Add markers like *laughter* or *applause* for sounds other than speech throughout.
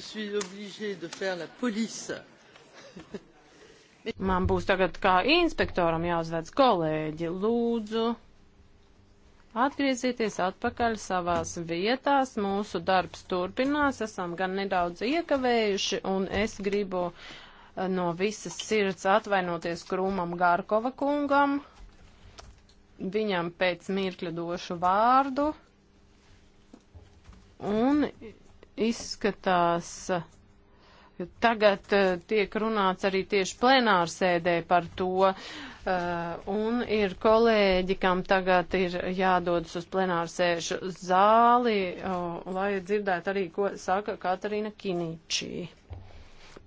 suis obligée de faire la police. *laughs* Man būs tagad kā inspektoram jāuzvedz kolēģi. Lūdzu, atgriezieties atpakaļ savās vietās. Mūsu darbs turpinās. Esam gan nedaudz iekavējuši un es gribu eh, no visas sirds atvainoties Krūmam Gārkova kungam. Viņam pēc mirkļa došu vārdu. Un izskatās, ka tagad eh, tiek runāts arī tieši plenārsēdē par to, eh, un ir kolēģi, kam tagad ir jādodas uz plenārsēžu zāli, lai dzirdētu arī, ko saka Katarina Kiničī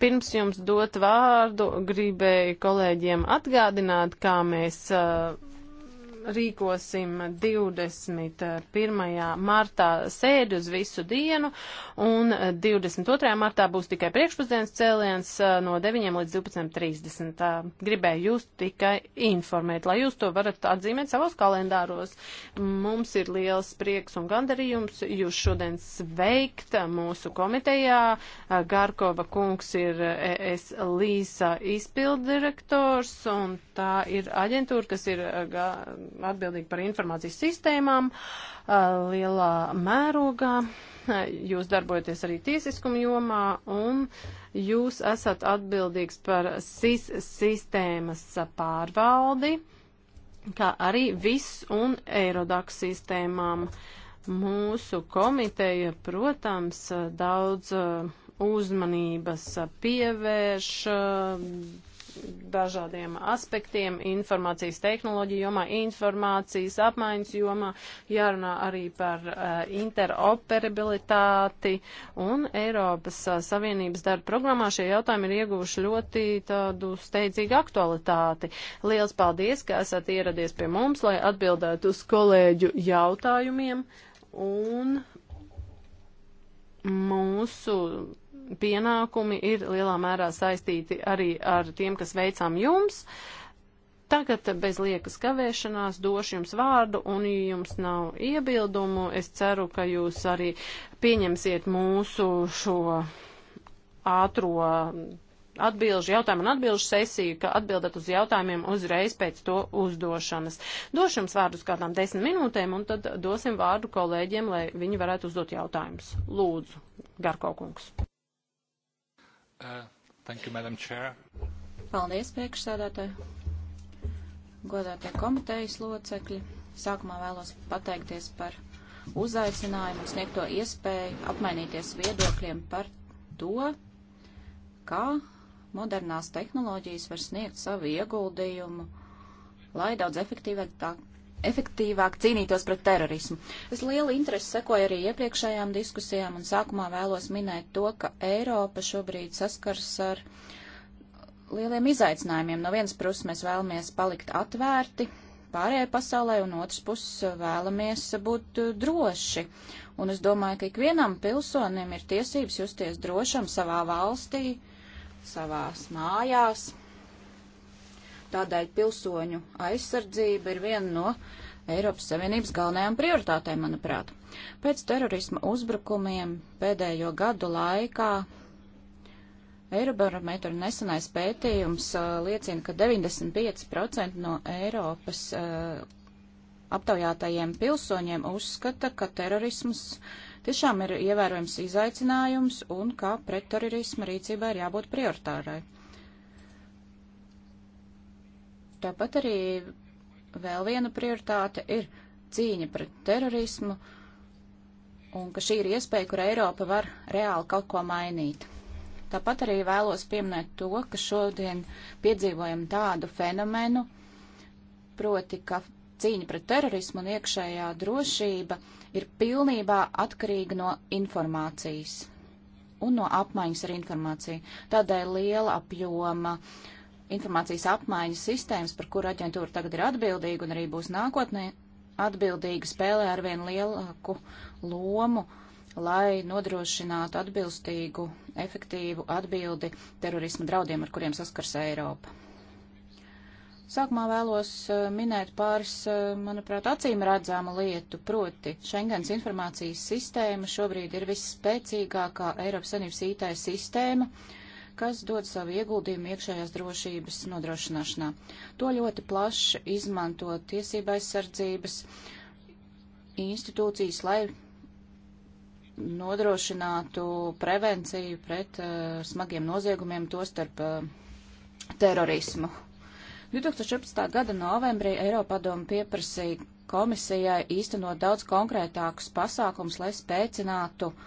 pirms jums dot vārdu, gribēju kolēģiem atgādināt, kā mēs uh, rīkosim 21. martā sēdi uz visu dienu, un 22. martā būs tikai priekšpusdienas cēliens no 9 līdz 12.30. Gribēju jūs tikai informēt, lai jūs to varat atzīmēt savos kalendāros. Mums ir liels prieks un gandarījums jūs šodien sveikt mūsu komitejā. Garkova kungs ir ES Līsa izpildirektors, un tā ir aģentūra, kas ir atbildīgi par informācijas sistēmām lielā mērogā. Jūs darbojaties arī tiesiskuma jomā un jūs esat atbildīgs par SIS sistēmas pārvaldi, kā arī VIS un Eirodax sistēmām. Mūsu komiteja, protams, daudz uzmanības pievērš dažādiem aspektiem, informācijas tehnoloģiju jomā, informācijas apmaiņas jomā, jārunā arī par uh, interoperabilitāti un Eiropas uh, Savienības darba programmā šie jautājumi ir ieguvuši ļoti tādu steidzīgu aktualitāti. Liels paldies, ka esat ieradies pie mums, lai atbildētu uz kolēģu jautājumiem un mūsu pienākumi ir lielā mērā saistīti arī ar tiem, kas veicām jums. Tagad bez liekas kavēšanās došu jums vārdu, un, ja jums nav iebildumu, es ceru, ka jūs arī pieņemsiet mūsu šo ātro atbilžu, jautājumu un atbilžu sesiju, ka atbildat uz jautājumiem uzreiz pēc to uzdošanas. Došu jums vārdu uz kādām desmit minūtēm, un tad dosim vārdu kolēģiem, lai viņi varētu uzdot jautājumus. Lūdzu, Garko kungs. Uh, thank you, Madam Chair. Paldies, priekšsēdētāji, godātie komitejas locekļi. Sākumā vēlos pateikties par uzaicinājumu un sniegto iespēju apmainīties viedokļiem par to, kā modernās tehnoloģijas var sniegt savu ieguldījumu, lai daudz efektīvāk efektīvāk cīnītos pret terorismu. Es lielu interesi sekoju arī iepriekšējām diskusijām un sākumā vēlos minēt to, ka Eiropa šobrīd saskars ar lieliem izaicinājumiem. No vienas puses mēs vēlamies palikt atvērti pārējai pasaulē, un otrs puses vēlamies būt droši. Un es domāju, ka ikvienam pilsonim ir tiesības justies drošam savā valstī, savās mājās Tādēļ pilsoņu aizsardzība ir viena no Eiropas Savienības galvenajām prioritātēm, manuprāt. Pēc terorisma uzbrukumiem pēdējo gadu laikā Eirobarometra nesenais pētījums uh, liecina, ka 95% no Eiropas uh, aptaujātajiem pilsoņiem uzskata, ka terorisms tiešām ir ievērojams izaicinājums un ka pretterorisma rīcībai ir jābūt prioritārai. Tāpat arī vēl viena prioritāte ir cīņa pret terorismu un ka šī ir iespēja, kur Eiropa var reāli kaut ko mainīt. Tāpat arī vēlos pieminēt to, ka šodien piedzīvojam tādu fenomenu, proti, ka cīņa pret terorismu un iekšējā drošība ir pilnībā atkarīga no informācijas un no apmaiņas ar informāciju. Tādēļ liela apjoma uh, informācijas apmaiņas sistēmas, par kuru aģentūra tagad ir atbildīga un arī būs nākotnē atbildīga, spēlē ar vien lielāku lomu, lai nodrošinātu atbilstīgu, efektīvu atbildi terorisma draudiem, ar kuriem saskars Eiropa. Sākumā vēlos eh, minēt pāris, eh, manuprāt, acīm redzāmu lietu, proti Schengens informācijas sistēma šobrīd ir visspēcīgākā Eiropas Savienības IT sistēma, uh, kas dod savu ieguldījumu iekšējās drošības nodrošināšanā. To ļoti plaši izmanto tiesība aizsardzības institūcijas, lai nodrošinātu prevenciju pret uh, smagiem noziegumiem, to starp uh, terorismu. 2014. gada novembrī Eiropadoma pieprasīja komisijai īstenot daudz konkrētākus pasākums, lai spēcinātu uh,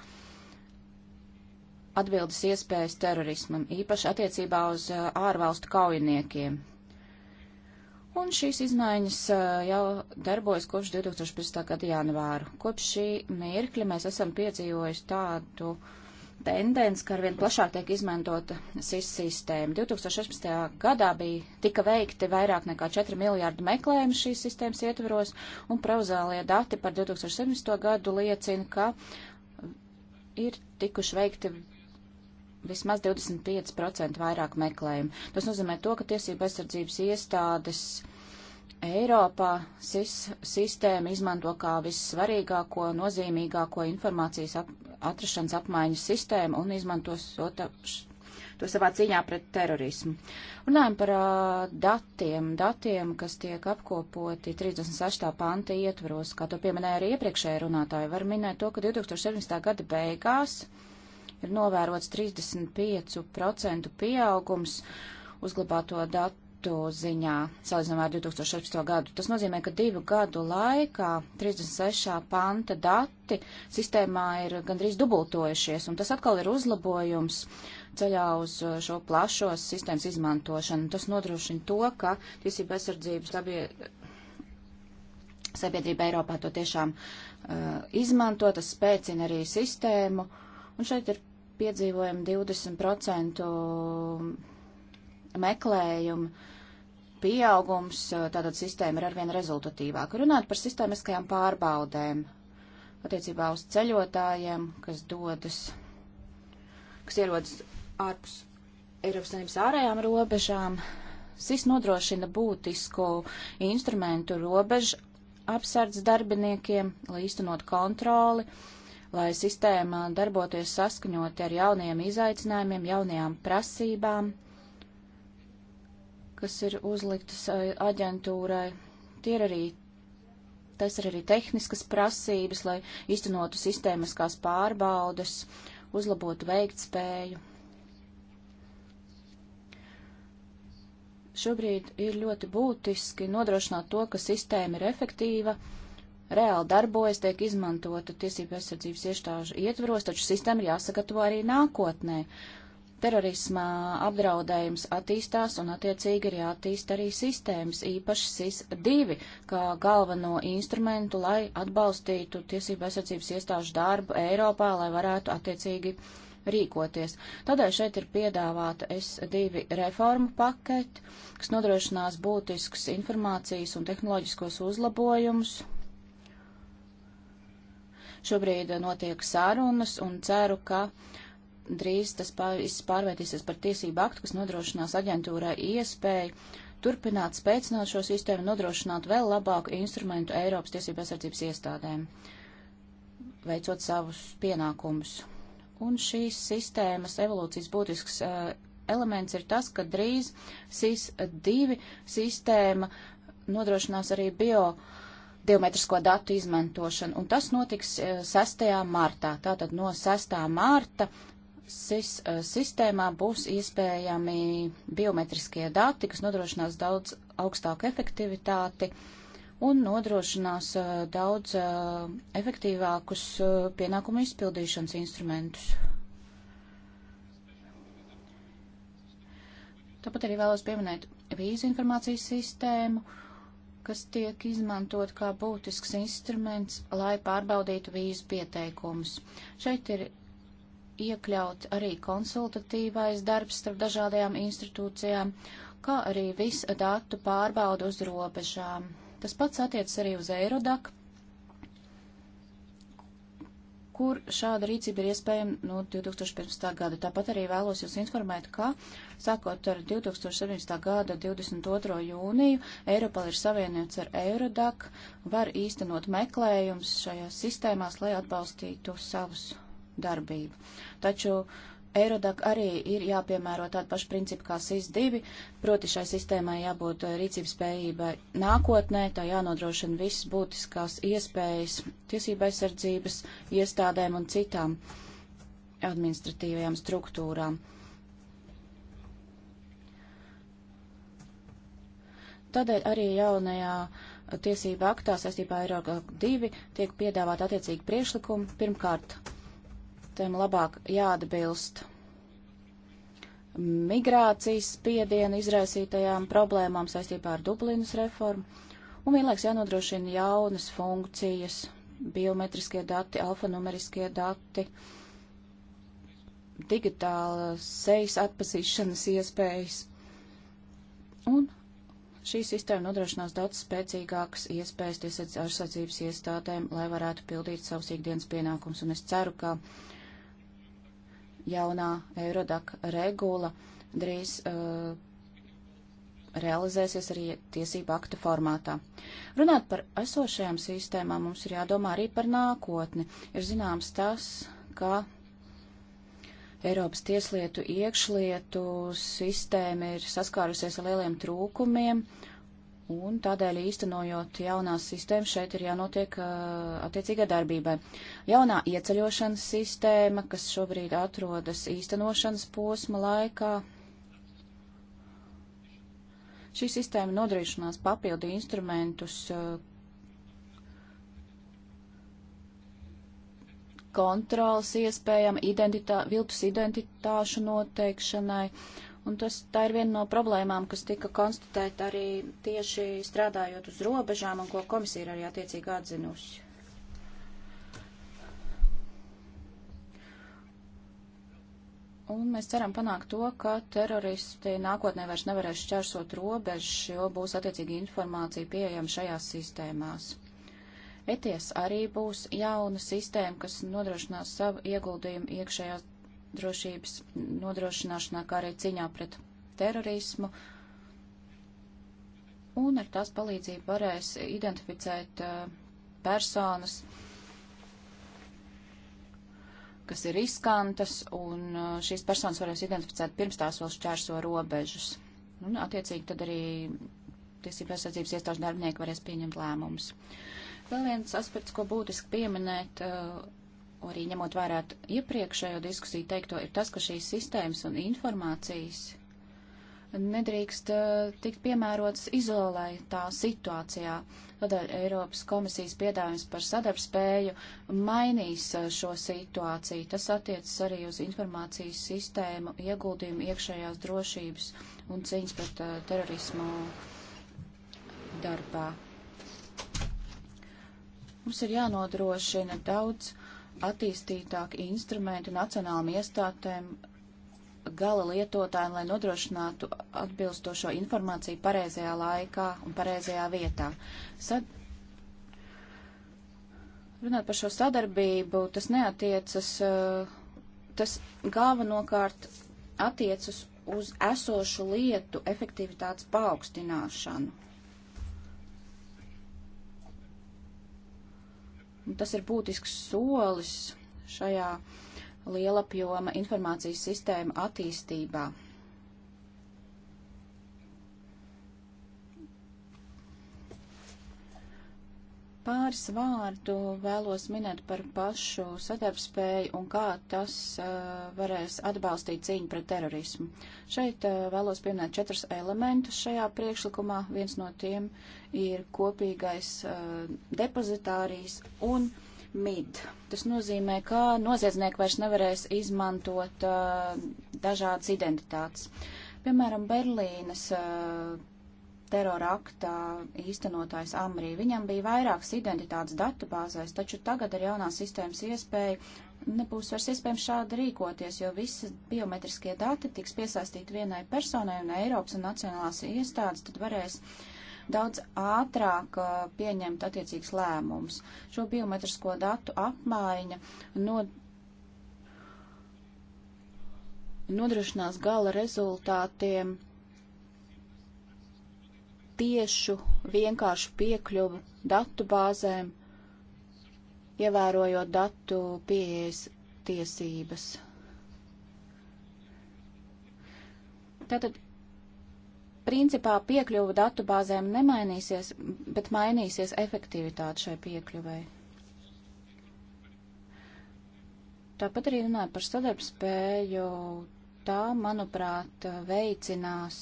atbildes iespējas terorismam, īpaši attiecībā uz uh, ārvalstu kaujiniekiem. Un šīs izmaiņas uh, jau darbojas kopš 2015. gada janvāra. Kopš šī mirkļa mēs esam piedzīvojuši tādu tendenci, ka arvien plašāk tiek izmantota SIS sistēma. 2016. gadā bija tika veikti vairāk nekā 4 miljārdu meklējumu šīs sistēmas ietveros, un prauzālie dati par 2017. gadu liecina, ka ir tikuši veikti vismaz 25% vairāk meklējumu. Tas nozīmē to, ka tiesība aizsardzības iestādes Eiropā SIS sistēma izmanto kā vissvarīgāko, nozīmīgāko informācijas ap, atrašanas apmaiņas sistēmu un izmantos to savā cīņā pret terorismu. Runājam par uh, datiem, datiem, kas tiek apkopoti 36. panta ietvaros, kā to pieminēja arī iepriekšējā runātāja, var minēt to, ka 2017. gada beigās uh, ir novērots 35% pieaugums uzglabāto datu ziņā, salīdzinām ar 2016. gadu. Tas nozīmē, ka divu gadu laikā 36. panta dati sistēmā ir gandrīz dubultojušies, un tas atkal ir uzlabojums ceļā uz uh, šo plašo sistēmas izmantošanu. Tas nodrošina to, ka tiesība aizsardzības sabiedrība Eiropā to tiešām uh, izmanto, tas spēcina arī sistēmu Un šeit ir piedzīvojami 20% meklējumu pieaugums, tātad sistēma ir arvien rezultatīvāka. Runāt par sistēmiskajām pārbaudēm attiecībā uz ceļotājiem, kas dodas, kas ierodas ārpus Eiropas Savienības ārējām robežām. SIS nodrošina būtisku instrumentu robežu apsardz darbiniekiem, lai īstenot kontroli. Uh, lai sistēma darboties saskaņoti ar jauniem izaicinājumiem, jaunajām prasībām, kas ir uzliktas eh, aģentūrai. Tie ir arī, tas ir arī tehniskas prasības, lai iztenotu sistēmiskās pārbaudas, uzlabotu veiktspēju. Šobrīd ir ļoti būtiski nodrošināt to, ka sistēma ir efektīva, uh, reāli darbojas, tiek izmantota tiesību aizsardzības iestāžu ietvaros, taču sistēma ir jāsagatavo arī nākotnē. Terorisma apdraudējums attīstās un attiecīgi ir jāattīst arī sistēmas, īpaši SIS-2, kā galveno instrumentu, lai atbalstītu tiesību aizsardzības iestāžu darbu Eiropā, lai varētu attiecīgi rīkoties. Tādēļ šeit ir piedāvāta S2 reformu paketi, kas nodrošinās būtisks informācijas un tehnoloģiskos uzlabojumus Šobrīd notiek sārunas un ceru, ka drīz tas pārvērtīsies par tiesību aktu, kas nodrošinās aģentūrai iespēju turpināt spēcināt šo sistēmu, nodrošināt vēl labāku instrumentu Eiropas tiesību aizsardzības iestādēm, veicot savus pienākumus. Un šīs sistēmas evolūcijas būtisks uh, elements ir tas, ka drīz SIS-2 sistēma nodrošinās arī bio uh, biometrisko datu izmantošanu, un tas notiks 6. E, martā. Tātad no 6. marta SIS e, sistēmā būs iespējami biometriskie dati, kas nodrošinās daudz augstāku efektivitāti un nodrošinās e, daudz efektīvākus pienākumu izpildīšanas instrumentus. Tāpat arī vēlos pieminēt vīzu informācijas sistēmu. Uh, kas tiek izmantot kā būtisks instruments, lai pārbaudītu vīzu pieteikumus. Šeit ir iekļaut arī konsultatīvais darbs starp dažādajām institūcijām, kā arī visu datu pārbaudu uz robežām. Tas pats attiec arī uz Eirodak, kur šāda rīcība ir iespējama no 2015. gada. Tāpat arī vēlos jūs informēt, ka sākot ar 2017. gada 22. jūniju Eiropal ir savienots ar Eurodac, var īstenot meklējums šajās sistēmās, lai atbalstītu savus darbību. Taču uh, Eirodak arī ir jāpiemēro tādu pašu principu kā SIS-2, proti šai sistēmai jābūt eh, rīcības spējībai nākotnē, tā jānodrošina visas būtiskās iespējas tiesība aizsardzības iestādēm un citām administratīvajām struktūrām. Tādēļ arī jaunajā tiesība aktā saistībā ar Eirogāk 2 tiek piedāvāt attiecīgi priešlikumi. Pirmkārt, tiem labāk jāatbilst migrācijas spiedienu izraisītajām problēmām saistībā ar Dublinas reformu, un vienlaiks jānodrošina jaunas funkcijas, biometriskie dati, alfanumeriskie dati, digitāla sejas atpazīšanas iespējas. Un šī sistēma nodrošinās daudz spēcīgākas iespējas tiesas aizsardzības iestādēm, lai varētu pildīt savus ikdienas pienākums, un es ceru, ka jaunā Eirodak regula drīz uh, realizēsies arī tiesību aktu formātā. Runāt par esošajām sistēmām mums ir jādomā arī par nākotni. Ir zināms tas, ka Eiropas tieslietu iekšlietu sistēma ir saskārusies ar lieliem trūkumiem, uh, Un tādēļ īstenojot jaunās sistēmas, šeit ir jānotiek uh, attiecīgai darbībai. Jaunā ieceļošanas sistēma, kas šobrīd atrodas īstenošanas posma laikā, šī sistēma nodrošinās papildu instrumentus uh, kontrols iespējama, identitā, viltus identitāšu noteikšanai. Uh, Un tas, tā ir viena no problēmām, kas tika konstatēta arī tieši strādājot uz robežām un ko komisija ir arī attiecīgi atzinusi. Un mēs ceram panākt to, ka teroristi nākotnē vairs nevarēs šķērsot robežas, jo būs attiecīgi informācija pieejama šajās sistēmās. ETIES arī būs jauna sistēma, kas nodrošinās savu ieguldījumu iekšējās drošības nodrošināšanā, kā arī cīņā pret terorismu. Un ar tās palīdzību varēs identificēt eh, personas, kas ir riskantas, un eh, šīs personas varēs identificēt pirms tās vēl šķērso robežas. Un, attiecīgi, tad arī tiesība aizsardzības iestāžu darbinieki varēs pieņemt lēmumus. Vēl viens aspekts, ko būtiski pieminēt, uh, arī ņemot vērā iepriekšējo diskusiju teikto, ir tas, ka šīs sistēmas un informācijas nedrīkst uh, tikt piemērotas izolētā situācijā. Tādēļ Eiropas komisijas piedāvājums par sadarbspēju mainīs uh, šo situāciju. Tas attiecas arī uz informācijas sistēmu ieguldījumu iekšējās drošības un cīņas pret uh, terorismu darbā. Mums ir jānodrošina daudz attīstītāki instrumenti nacionālām iestādēm gala lietotājiem, lai nodrošinātu atbilstošo informāciju pareizajā laikā un pareizajā vietā. Sad... Runāt par šo sadarbību, tas neatiecas, eh, tas galvenokārt attiecas uz esošu lietu efektivitātes paaugstināšanu. Tas ir būtisks solis šajā lielapjoma informācijas sistēma attīstībā. Pāris vārdu vēlos minēt par pašu sadarbspēju un kā tas uh, varēs atbalstīt cīņu pret terorismu. Šeit uh, vēlos pieminēt četrus elementus šajā priekšlikumā. Viens no tiem ir kopīgais uh, depozitārijas un mid. Tas nozīmē, ka noziedznieki vairs nevarēs izmantot uh, dažādas identitātes. Piemēram, Berlīnas. Uh, terora aktā īstenotājs Amrī. Viņam bija vairākas identitātes datubāzēs, taču tagad ar jaunās sistēmas iespēju nebūs vairs iespējams šādi rīkoties, jo visas biometriskie dati tiks piesaistīti vienai personai un Eiropas un nacionālās iestādes tad varēs daudz ātrāk uh, pieņemt attiecīgs lēmums. Šo biometrisko datu apmaiņa no nodrošinās gala rezultātiem tiešu, vienkāršu piekļuvu datu bāzēm, ievērojot datu pieejas tiesības. Tātad, principā piekļuva datu bāzēm nemainīsies, bet mainīsies efektivitāte šai piekļuvai. Tāpat arī runāju par sadarbspēju. Tā, manuprāt, veicinās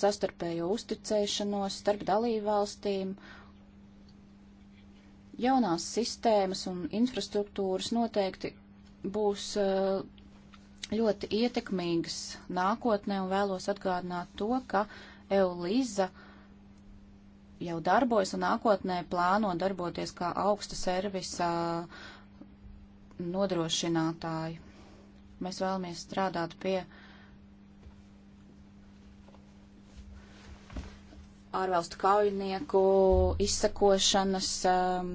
sastarpējo uzticēšanos starp dalībvalstīm. Jaunās sistēmas un infrastruktūras noteikti būs eh, ļoti ietekmīgas nākotnē un vēlos atgādināt to, ka Eulīza jau darbojas un nākotnē plāno darboties kā augsta servisa eh, nodrošinātāji. Mēs vēlamies strādāt pie uh, ārvalstu kaujinieku izsakošanas um,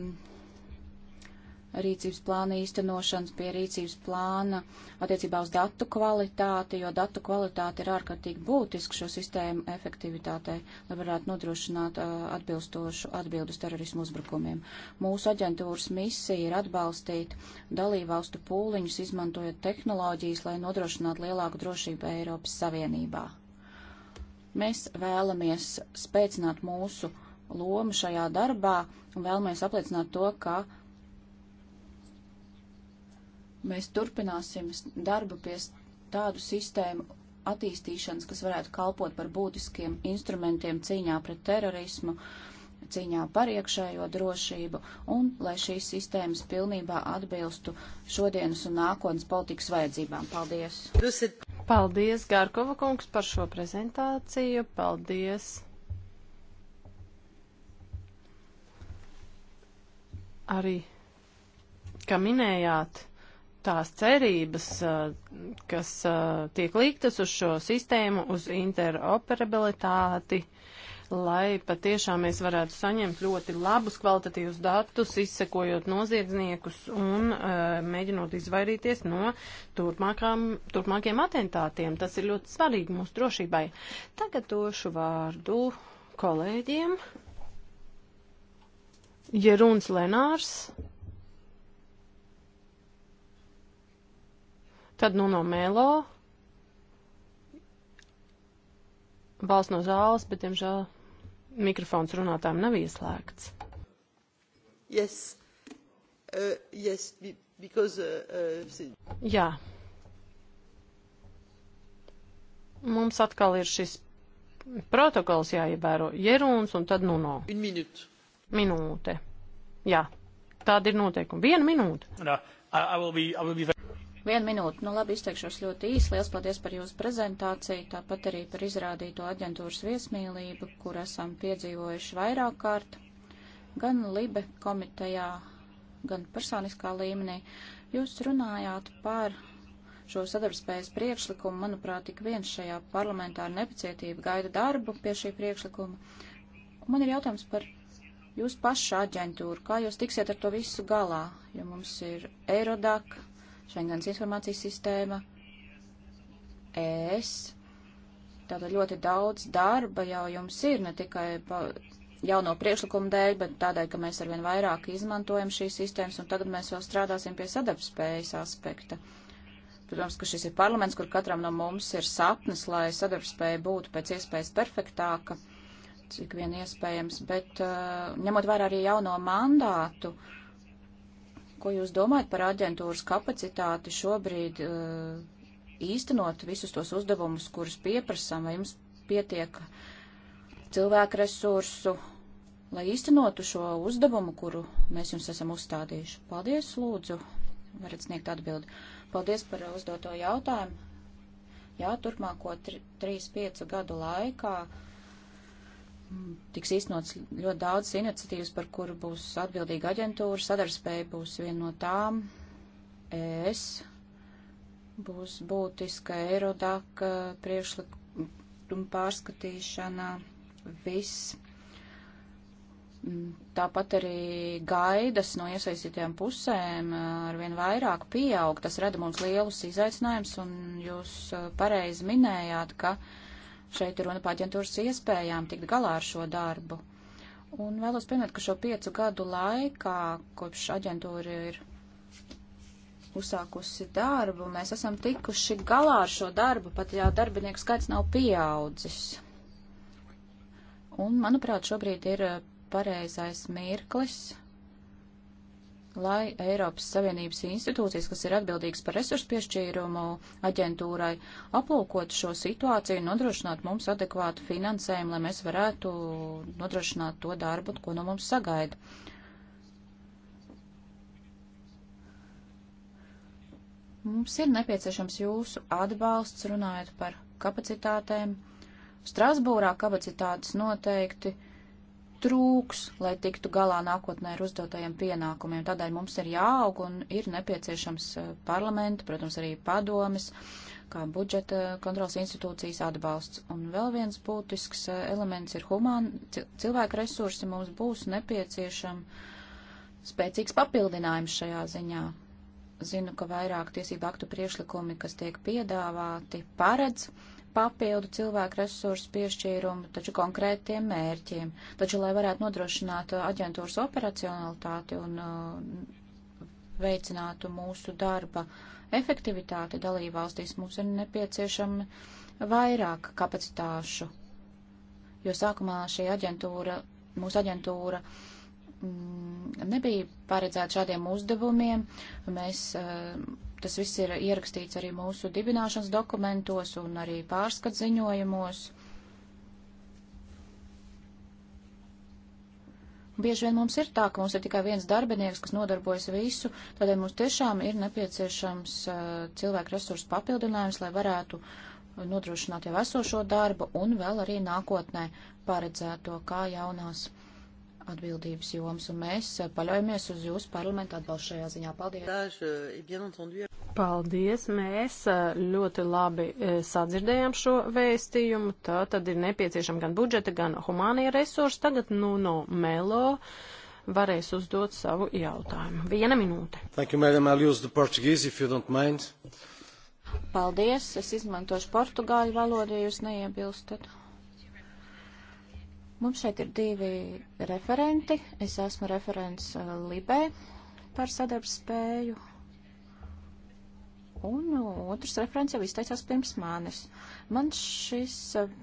rīcības plāna īstenošanas pie rīcības plāna attiecībā uz datu kvalitāti, jo datu kvalitāte ir ārkārtīgi būtiska šo sistēmu efektivitātei, lai varētu nodrošināt uh, atbilstošu atbildus terorismu uzbrukumiem. Mūsu aģentūras misija ir atbalstīt dalībvalstu pūliņus, izmantojot tehnoloģijas, lai nodrošinātu lielāku drošību Eiropas Savienībā. Mēs vēlamies spēcināt mūsu lomu šajā darbā un vēlamies apliecināt to, ka mēs turpināsim darbu pie tādu sistēmu attīstīšanas, kas varētu kalpot par būtiskiem instrumentiem cīņā pret terorismu, cīņā par iekšējo drošību un lai šīs sistēmas pilnībā atbilstu šodienas un nākotnes politikas vajadzībām. Paldies! Paldies, Gārkova kungs, par šo prezentāciju. Paldies. Arī, kā minējāt, tās cerības, eh, kas eh, tiek līktas uz šo sistēmu, uz interoperabilitāti lai patiešām mēs varētu saņemt ļoti labus kvalitatīvus datus, izsekojot noziedzniekus un uh, mēģinot izvairīties no turpmākiem atentātiem. Tas ir ļoti svarīgi mūsu drošībai. Tagad došu vārdu kolēģiem. Jeruns Lenārs. Tad nu no Mēlo. Balsts no zāles, bet, diemžēl, Mikrofons runātājiem nav ieslēgts. Yes. Uh, yes, because, uh, uh, Jā. Mums atkal ir šis protokols jāievēro. Jeruns un tad nu no. Minūte. Jā. Tāda ir noteikuma. Viena minūte. No, I, I will be, I will be... Vienu minūti, nu labi, izteikšos ļoti īsi. Liels paldies par jūsu prezentāciju, tāpat arī par izrādīto aģentūras viesmīlību, kur esam piedzīvojuši vairāk kārt, gan Libe komitejā, gan personiskā līmenī. Jūs runājāt par šo sadarbspējas priekšlikumu, manuprāt, tik viens šajā parlamentā ar nepacietību gaida darbu pie šī priekšlikuma. Man ir jautājums par jūsu pašu aģentūru, kā jūs tiksiet ar to visu galā, jo mums ir Eirodak, Šengens informācijas sistēma, ES. Tātad ļoti daudz darba jau jums ir, ne tikai pa jauno priekšlikumu dēļ, bet tādēļ, ka mēs arvien vairāk izmantojam šīs sistēmas, un tagad mēs vēl strādāsim pie sadarbspējas aspekta. Protams, ka šis ir parlaments, kur katram no mums ir sapnis, lai sadarbspēja būtu pēc iespējas perfektāka, cik vien iespējams, bet uh, ņemot vērā arī jauno mandātu, uh, Ko jūs domājat par aģentūras kapacitāti šobrīd uh, īstenot visus tos uzdevumus, kurus pieprasām, vai jums pietiek cilvēku resursu, lai īstenotu šo uzdevumu, kuru mēs jums esam uzstādījuši? Paldies, lūdzu, varat sniegt atbildi. Paldies par uzdoto jautājumu. Jā, turpmāko 3-5 gadu laikā tiks īstenots ļoti daudz iniciatīvas, par kuru būs atbildīga aģentūra, sadarbspēja būs viena no tām. ES būs būtiska Eirodaka uh, priekšlikuma pārskatīšana, viss. Mm, tāpat arī gaidas no iesaistītajām pusēm uh, ar vien vairāk pieaug. Tas rada mums lielus izaicinājumus, un jūs uh, pareizi minējāt, ka uh, Šeit ir runa par aģentūras iespējām tikt galā ar šo darbu. Un vēlos pieminēt, ka šo piecu gadu laikā, kopš aģentūra ir uzsākusi darbu, mēs esam tikuši galā ar šo darbu, pat ja darbinieku skaits nav pieaudzis. Un, manuprāt, šobrīd ir pareizais mirklis lai Eiropas Savienības institūcijas, kas ir atbildīgas par resursu piešķīrumu aģentūrai, aplūkot šo situāciju un nodrošināt mums adekvātu finansējumu, lai mēs varētu nodrošināt to darbu, ko no mums sagaida. Mums ir nepieciešams jūsu atbalsts, runājot par kapacitātēm. Strasbūrā kapacitātes noteikti uh, trūks, lai tiktu galā nākotnē ar uzdotajiem pienākumiem. Tādēļ mums ir jāaug un ir nepieciešams eh, parlamentu, protams, arī padomis, kā budžeta kontrols institūcijas atbalsts. Un vēl viens būtisks eh, elements ir humāni cilvēku resursi. Mums būs nepieciešama spēcīgs papildinājums šajā ziņā. Zinu, ka vairāk tiesību aktu priešlikumi, kas tiek piedāvāti, paredz papildu cilvēku resursu piešķīrumu, taču konkrētiem mērķiem. Taču, lai varētu nodrošināt uh, aģentūras operacionalitāti un uh, veicinātu mūsu darba efektivitāti dalībvalstīs, mums ir nepieciešama vairāk kapacitāšu, jo sākumā šī aģentūra, mūsu aģentūra, mm, nebija paredzēta šādiem uzdevumiem. Mēs uh, Tas viss ir ierakstīts arī mūsu dibināšanas dokumentos un arī pārskatziņojumos. Bieži vien mums ir tā, ka mums ir tikai viens darbinieks, kas nodarbojas visu, tādēļ mums tiešām ir nepieciešams uh, cilvēku resursu papildinājums, lai varētu nodrošināt jau esošo darbu un vēl arī nākotnē paredzēto kā jaunās atbildības jomas, un mēs eh, paļaujamies uz jūsu parlamentu atbalstu šajā ziņā. Paldies! Eh, Paldies! Mēs eh, ļoti labi sadzirdējām šo vēstījumu. Tā tad ir nepieciešama gan budžeta, gan humānie resursi. Tagad Nuno Melo varēs uzdot savu jautājumu. Viena minūte. Thank you, madam. I'll use the Portuguese if you don't mind. Paldies! Es izmantošu portugāļu valodu, ja jūs neiebilstat. Mums šeit ir divi referenti. Es esmu referents eh, Libē par sadarbspēju. Un eh, otrs referents jau izteicās pirms manis. Man šis eh,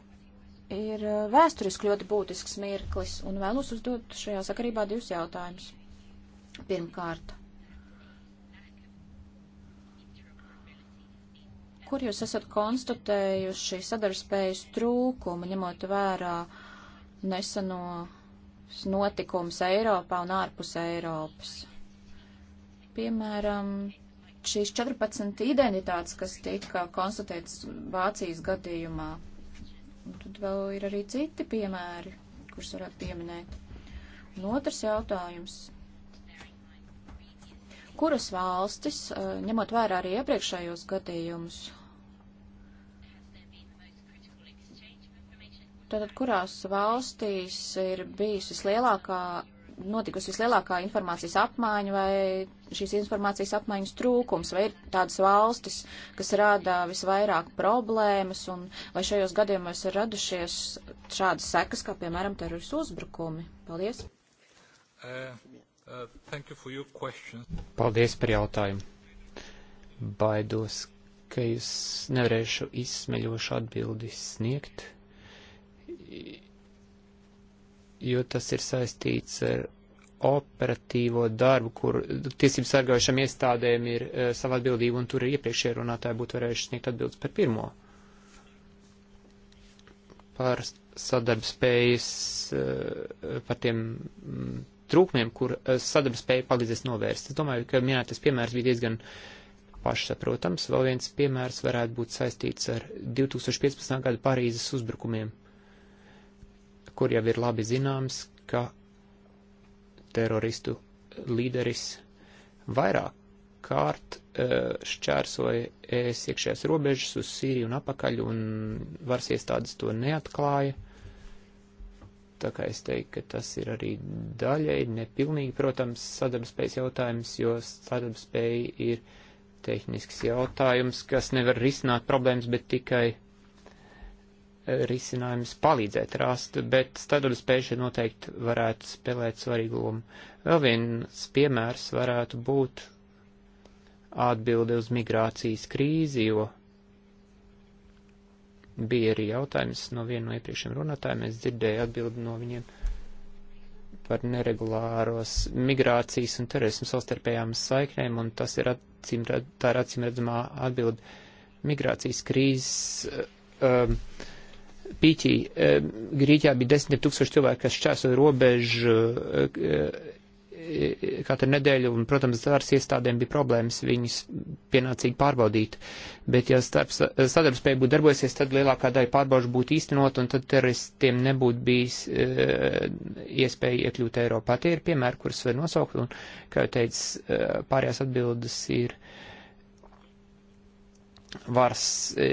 ir vēsturiski ļoti būtisks mirklis un vēlos uzdot šajā sakarībā divus jautājumus. Pirmkārt, kur jūs esat konstatējuši sadarbspējas trūkumu, ņemot vērā uh, nesenos notikumus Eiropā un ārpus Eiropas. Piemēram, šīs 14 identitātes, kas tika konstatētas Vācijas gadījumā. Un tad vēl ir arī citi piemēri, kurus varētu pieminēt. Un otrs jautājums. Kuras valstis, eh, ņemot vērā arī iepriekšējos gadījumus, Tātad, kurās valstīs ir bijusi vislielākā, notikusi vislielākā informācijas apmaiņa vai šīs informācijas apmaiņas trūkums, vai ir tādas valstis, kas rada visvairāk problēmas, un vai šajos gadījumos ir radušies šādas sekas, kā piemēram teroristu uzbrukumi? Paldies! Uh, uh, you Paldies par jautājumu! Baidos, ka es nevarēšu izsmeļošu atbildi sniegt jo tas ir saistīts ar operatīvo darbu, kur tiesību sargājušam iestādēm ir uh, sava atbildība, un tur iepriekšējā runātāja būtu varējuši sniegt atbildes par pirmo. Par sadarbspējas, uh, par tiem mm, trūkumiem, kur uh, sadarbspēja palīdzēs novērst. Es domāju, ka minētais piemērs bija diezgan pašsaprotams. Vēl viens piemērs varētu būt saistīts ar 2015. gada Parīzes uzbrukumiem kur jau ir labi zināms, ka teroristu līderis vairāk kārt eh, šķērsoja ES iekšējās robežas uz Sīriju un apakaļ, un varas iestādes to neatklāja. Tā kā es teiktu, ka tas ir arī daļai nepilnīgi, protams, sadarbspējas jautājums, jo sadarbspēja ir tehnisks jautājums, kas nevar risināt problēmas, bet tikai risinājums palīdzēt rast, bet staduļu spēšana noteikti varētu spēlēt svarīgu lomu. Vēl viens piemērs varētu būt atbilde uz migrācijas krīzi, jo bija arī jautājums no viena no iepriekšējiem runātājiem, es dzirdēju atbildi no viņiem par neregulāros migrācijas un terorismu savstarpējām saiknēm, un tas ir acīm, tā ir acīm redzamā atbildi migrācijas krīzes. Eh, um, uh, Pīķī, e, Grīķijā bija desmit tūkstoši cilvēki, kas šķērso robežu e, e, katru nedēļu, un, protams, varas iestādēm bija problēmas viņus pienācīgi pārbaudīt. Bet, ja sadarbspēja būtu darbojasies, tad lielākā daļa pārbaužu būtu īstenot, un tad teroristiem nebūtu bijis e, iespēja iekļūt Eiropā. Tie ir piemēri, kurus var nosaukt, un, kā jau teicu, pārējās atbildes ir varas. E,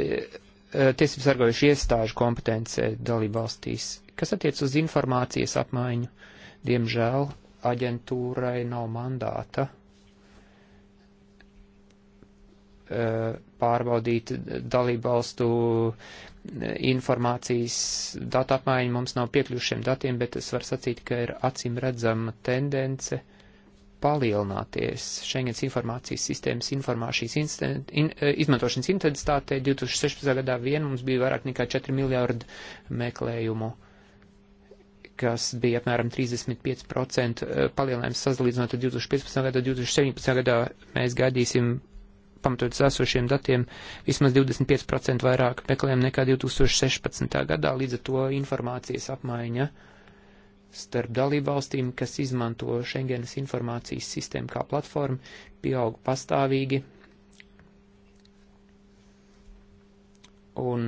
Eh, tiesības sargojuši iestāžu kompetencē dalību valstīs. Kas attiec uz informācijas apmaiņu, diemžēl aģentūrai nav mandāta eh, pārbaudīt dalību valstu eh, informācijas datu apmaiņu. Mums nav piekļušiem datiem, bet es varu sacīt, ka ir acīm redzama tendence uh, palielināties Schengens informācijas sistēmas informācijas incident, in, eh, izmantošanas intensitātei. 2016. gadā vien mums bija vairāk nekā 4 miljārdu meklējumu kas bija apmēram 35% eh, palielinājums salīdzinot ar 2015. gadu, 2017. gadā mēs gaidīsim pamatot esošiem datiem vismaz 25% vairāk meklējumu nekā 2016. gadā, līdz ar to informācijas apmaiņa uh, starp dalībvalstīm, kas izmanto Schengenas informācijas sistēmu kā platformu, pieaug pastāvīgi. Un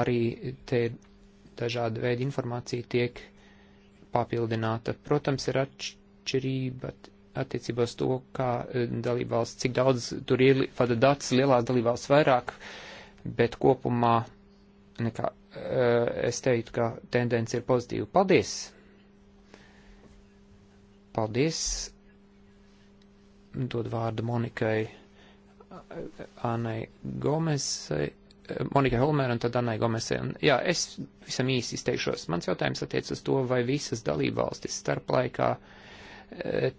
arī te dažāda veida informācija tiek papildināta. Protams, ir atšķirība attiecībos to, kā e, dalībvalsts, cik daudz tur ir vada dats, lielās dalībvalsts vairāk, bet kopumā nekā, e, es teiktu, ka tendence ir pozitīva. Paldies! Paldies. Dod vārdu Monikai Anai Gomesai. Monika Holmēra un tad Anai Gomesai. Jā, es visam īsi izteikšos. Mans jautājums attiec uz to, vai visas dalībvalstis starp laikā e,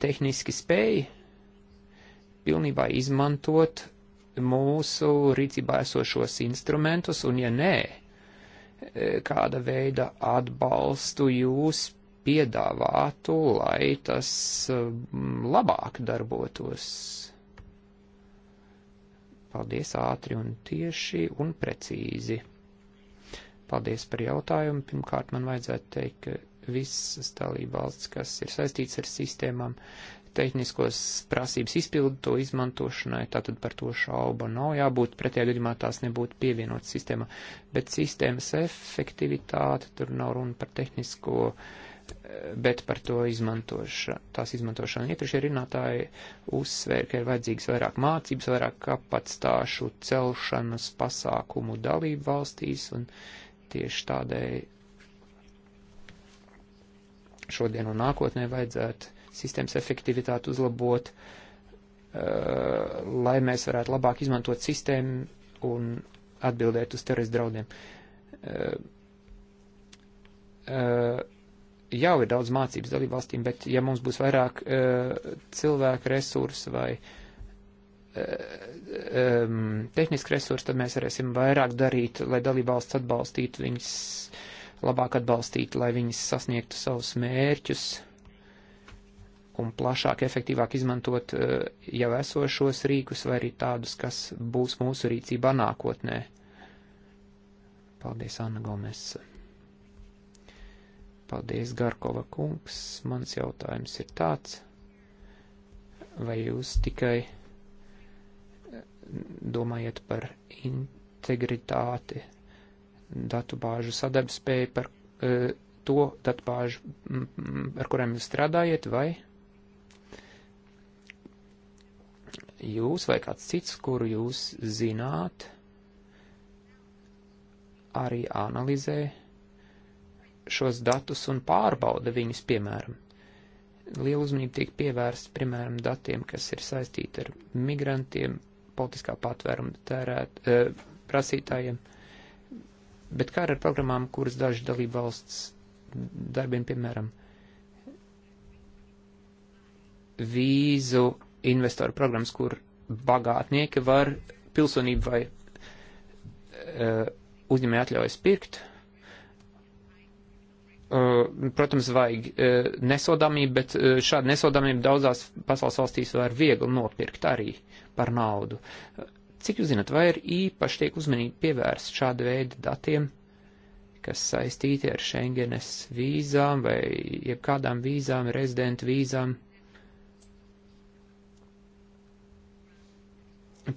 tehniski spēj pilnībā izmantot mūsu rīcībā esošos instrumentus, un ja nē, e, kāda veida atbalstu jūs piedāvātu, lai tas mm, labāk darbotos. Paldies ātri un tieši un precīzi. Paldies par jautājumu. Pirmkārt, man vajadzētu teikt, ka visas dalība valsts, kas ir saistīts ar sistēmām, tehniskos prasības izpildu to izmantošanai, tātad par to šauba nav jābūt, pretējā gadījumā tās nebūtu pievienotas sistēmā. Bet sistēmas efektivitāte, tur nav runa par tehnisko uh, bet par to izmantoša, tās izmantošanu. Iepriekšējie runātāji uzsvēra, ka ir vajadzīgs vairāk mācības, vairāk kapacitāšu celšanas pasākumu dalību valstīs, un tieši tādēļ šodien un nākotnē vajadzētu sistēmas efektivitāti uzlabot, uh, lai mēs varētu labāk izmantot sistēmu un atbildēt uz teroristu draudiem. Uh, uh, jau ir daudz mācības dalību valstīm, bet ja mums būs vairāk uh, cilvēku resursu vai uh, eh, um, tehniski resursi, tad mēs varēsim vairāk darīt, lai dalību valsts atbalstītu viņas, labāk atbalstītu, lai viņas sasniegtu savus mērķus un plašāk, efektīvāk izmantot uh, jau esošos rīkus vai arī tādus, kas būs mūsu rīcībā nākotnē. Paldies, Anna Gomes. Paldies, Garkova kungs. Mans jautājums ir tāds, vai jūs tikai eh, domājat par integritāti, datubāžu sadarbspēju, par e, to datubāžu, ar kuriem jūs strādājat, vai jūs vai kāds cits, kuru jūs zināt, arī analizē šos datus un pārbauda viņus, piemēram. Liela uzmanība tiek pievērsta, piemēram, datiem, kas ir saistīti ar migrantiem, politiskā patvēruma tērēt, e, prasītājiem, bet kā ar programmām, kuras daži dalība valsts darbiem, piemēram, vīzu investoru programmas, kur bagātnieki var pilsonību vai e, uzņēmēju atļaujas pirkt, Eh, protams, vajag eh, nesodāmību, bet eh, šāda nesodāmība daudzās pasaules valstīs var viegli nopirkt arī par naudu. Cik jūs zinat, vai ir īpaši tiek uzmanīgi pievērst šāda veida datiem, kas saistīti ar Schengenes vīzām vai jebkādām vīzām, rezidentu vīzām?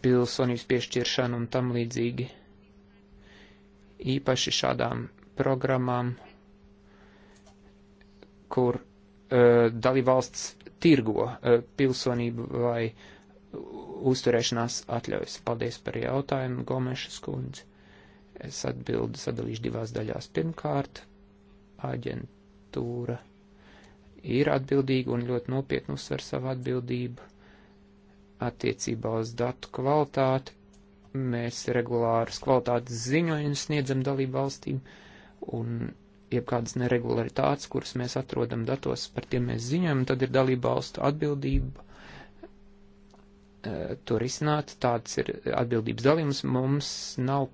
pilsonības piešķiršanu un tam līdzīgi. Īpaši šādām programmām kur uh, dalībvalsts tirgo uh, pilsonību vai uzturēšanās atļaujas. Paldies par jautājumu, Gomešas kundze. Es atbildu sadalīšu divās daļās. Pirmkārt, aģentūra ir atbildīga un ļoti nopietni uzsver savu atbildību attiecībā uz datu kvalitāti. Mēs regulārus kvalitātes ziņojumus sniedzam dalību valstīm, un jeb kādas neregularitātes, kuras mēs atrodam datos, par tiem mēs ziņojam, tad ir dalība valstu atbildība eh, to risināt, tāds ir atbildības dalījums, mums nav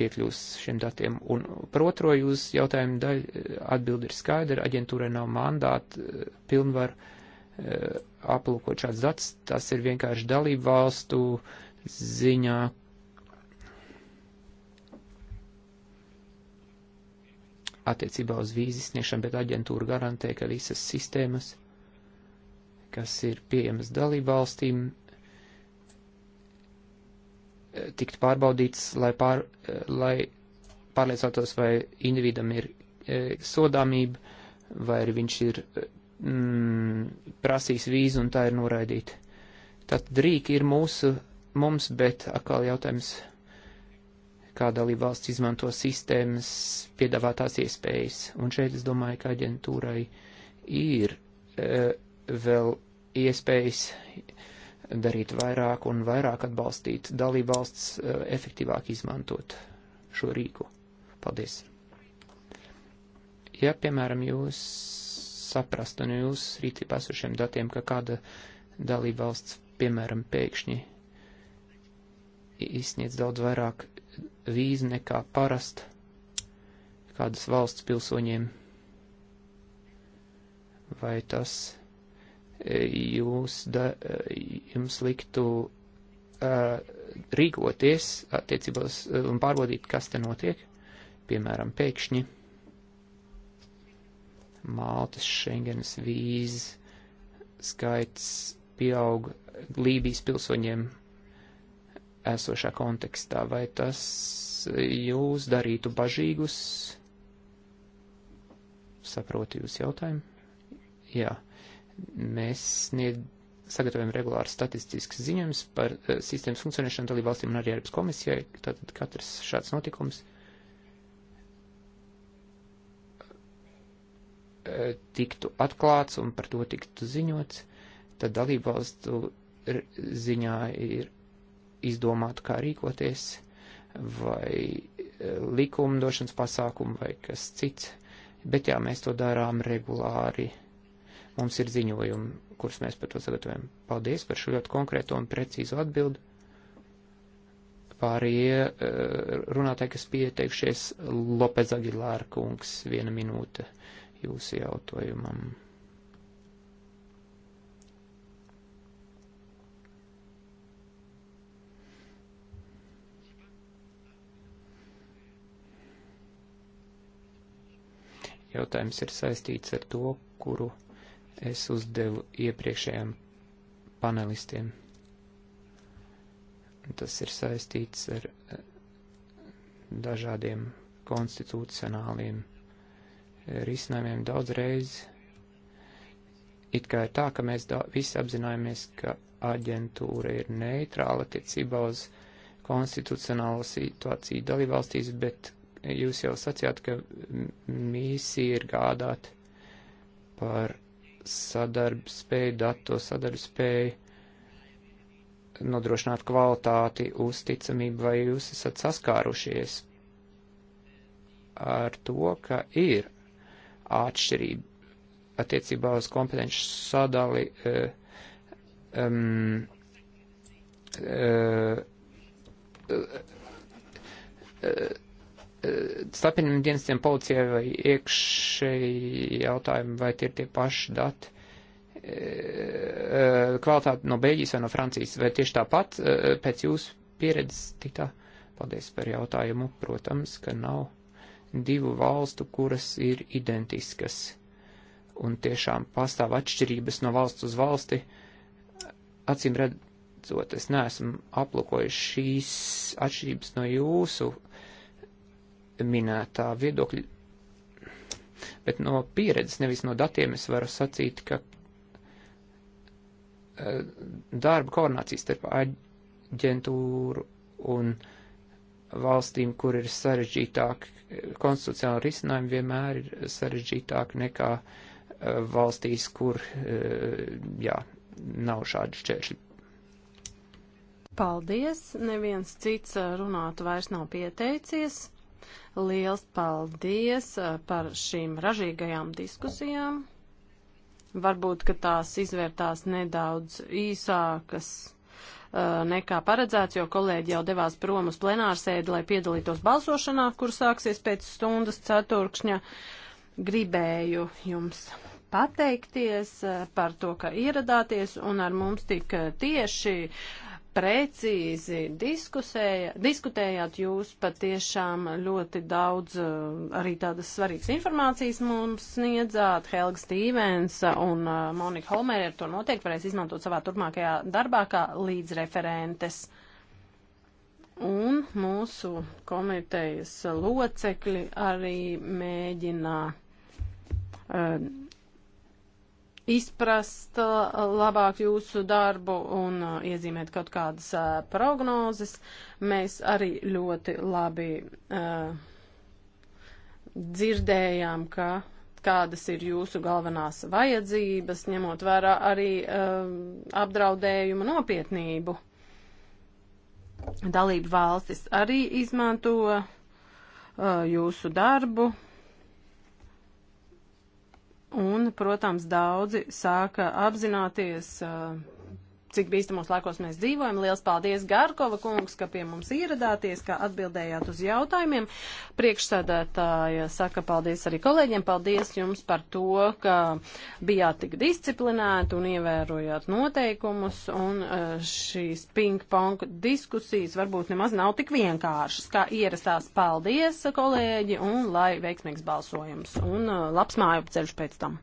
piekļūs šiem datiem. Un par otro jūs jautājumu daļu eh, atbildi ir skaidra, aģentūrai nav mandāta eh, pilnvar aplūkot šāds dats, tas ir vienkārši dalību valstu ziņā, attiecībā uz vīzu sniegšanu, bet aģentūra garantē, ka visas sistēmas, kas ir pieejamas dalību valstīm, tikt pārbaudītas, lai, pār, lai pārliecinātos, vai individam ir e, sodāmība, vai arī viņš ir mm, prasījis vīzu un tā ir noraidīta. Tad drīk ir mūsu, mums, bet atkal jautājums kā dalība valsts izmanto sistēmas piedāvātās iespējas. Un šeit es domāju, ka aģentūrai ir e, vēl iespējas darīt vairāk un vairāk atbalstīt dalību valsts e, efektīvāk izmantot šo rīku. Paldies! Ja, piemēram, jūs saprast un jūs rīcībā ar šiem datiem, ka kāda dalība valsts, piemēram, pēkšņi izsniedz daudz vairāk vīzu nekā parast kādas valsts pilsoņiem. Vai tas e, jūs da, e, jums liktu uh, rīkoties attiecībās un pārbaudīt, kas te notiek? Piemēram, pēkšņi Maltas Schengenas vīzes skaits pieaug Lībijas pilsoņiem esošā kontekstā, vai tas jūs darītu bažīgus? Saprotu jūs jautājumu? Jā, mēs sniedz, sagatavojam regulāri statistiskas ziņojums par uh, sistēmas funkcionēšanu dalību valstīm un arī Eiropas komisijai, tātad katrs šāds notikums. Uh, tiktu atklāts un par to tiktu ziņots, tad dalību valstu ziņā ir izdomātu, kā rīkoties, vai e, likumdošanas pasākumu vai kas cits, bet jā, mēs to darām regulāri. Mums ir ziņojumi, kurus mēs par to sagatavojam. Paldies par šo ļoti konkrēto un precīzu atbildi. Pārējie e, runātāji, kas pieteikšies, Lopez Agilāra kungs, viena minūte jūsu jautājumam. Jautājums ir saistīts ar to, kuru es uzdevu iepriekšējiem panelistiem. Tas ir saistīts ar eh, dažādiem konstitucionāliem eh, risinājumiem daudzreiz. It kā ir tā, ka mēs da, visi apzināmies, ka aģentūra ir neitrāla tiecībā uz konstitucionālo situāciju dalībvalstīs, bet jūs jau sacījāt, ka mīsija ir gādāt par sadarbspēju, dato sadarbspēju, nodrošināt kvalitāti, uzticamību, vai jūs esat saskārušies ar to, ka ir atšķirība attiecībā uz kompetenci sadali. Uh, um, uh, uh, uh, Stapiņiem dienestiem policijai vai iekšēji jautājumi, vai tie ir tie paši dati e, e, kvalitāte no Beļģijas vai no Francijas, vai tieši tāpat e, pēc jūsu pieredzes tik tā? Paldies par jautājumu. Protams, ka nav divu valstu, kuras ir identiskas. Un tiešām pastāv atšķirības no valsts uz valsti. Acīm redzot, es neesmu aplūkojis šīs atšķirības no jūsu uh, minētā viedokļa, bet no pieredzes, nevis no datiem, es varu sacīt, ka e, darba koordinācija starp aģentūru un valstīm, kur ir sarežģītāk, konstitucionāli risinājumi vienmēr ir sarežģītāk nekā e, valstīs, kur, e, jā, nav šādi šķēršļi. Paldies, neviens cits runāt vairs nav pieteicies. Liels paldies uh, par šīm ražīgajām diskusijām. Varbūt, ka tās izvērtās nedaudz īsākas uh, nekā paredzēts, jo kolēģi jau devās prom uz plenārsēdi, lai piedalītos balsošanā, kur sāksies pēc stundas ceturkšņa. Gribēju jums pateikties uh, par to, ka ieradāties un ar mums tik tieši precīzi diskutējāt, jūs patiešām ļoti daudz eh, arī tādas svarīgas informācijas mums sniedzāt. Helga Stīvens un eh, Monika Holmēra to noteikti varēs izmantot savā turpmākajā darbā kā līdzreferentes. Un mūsu komitejas locekļi arī mēģina. Uh, eh, izprast labāk jūsu darbu un iezīmēt kaut kādas prognozes. Mēs arī ļoti labi uh, dzirdējām, ka kādas ir jūsu galvenās vajadzības, ņemot vērā arī uh, apdraudējumu nopietnību. Dalību valstis arī izmanto uh, jūsu darbu, Un, protams, daudzi sāka apzināties uh, cik bīstamos laikos mēs dzīvojam. Liels paldies, Gārkova kungs, ka pie mums ieradāties, ka atbildējāt uz jautājumiem. Priekšsēdētāja saka paldies arī kolēģiem, paldies jums par to, ka bijāt tik disciplinēti un ievērojāt noteikumus, un e, šīs ping-pong diskusijas varbūt nemaz nav tik vienkāršas, kā ierastās. Paldies, kolēģi, un lai veiksmīgs balsojums un e, labs mājup ceļš pēc tam.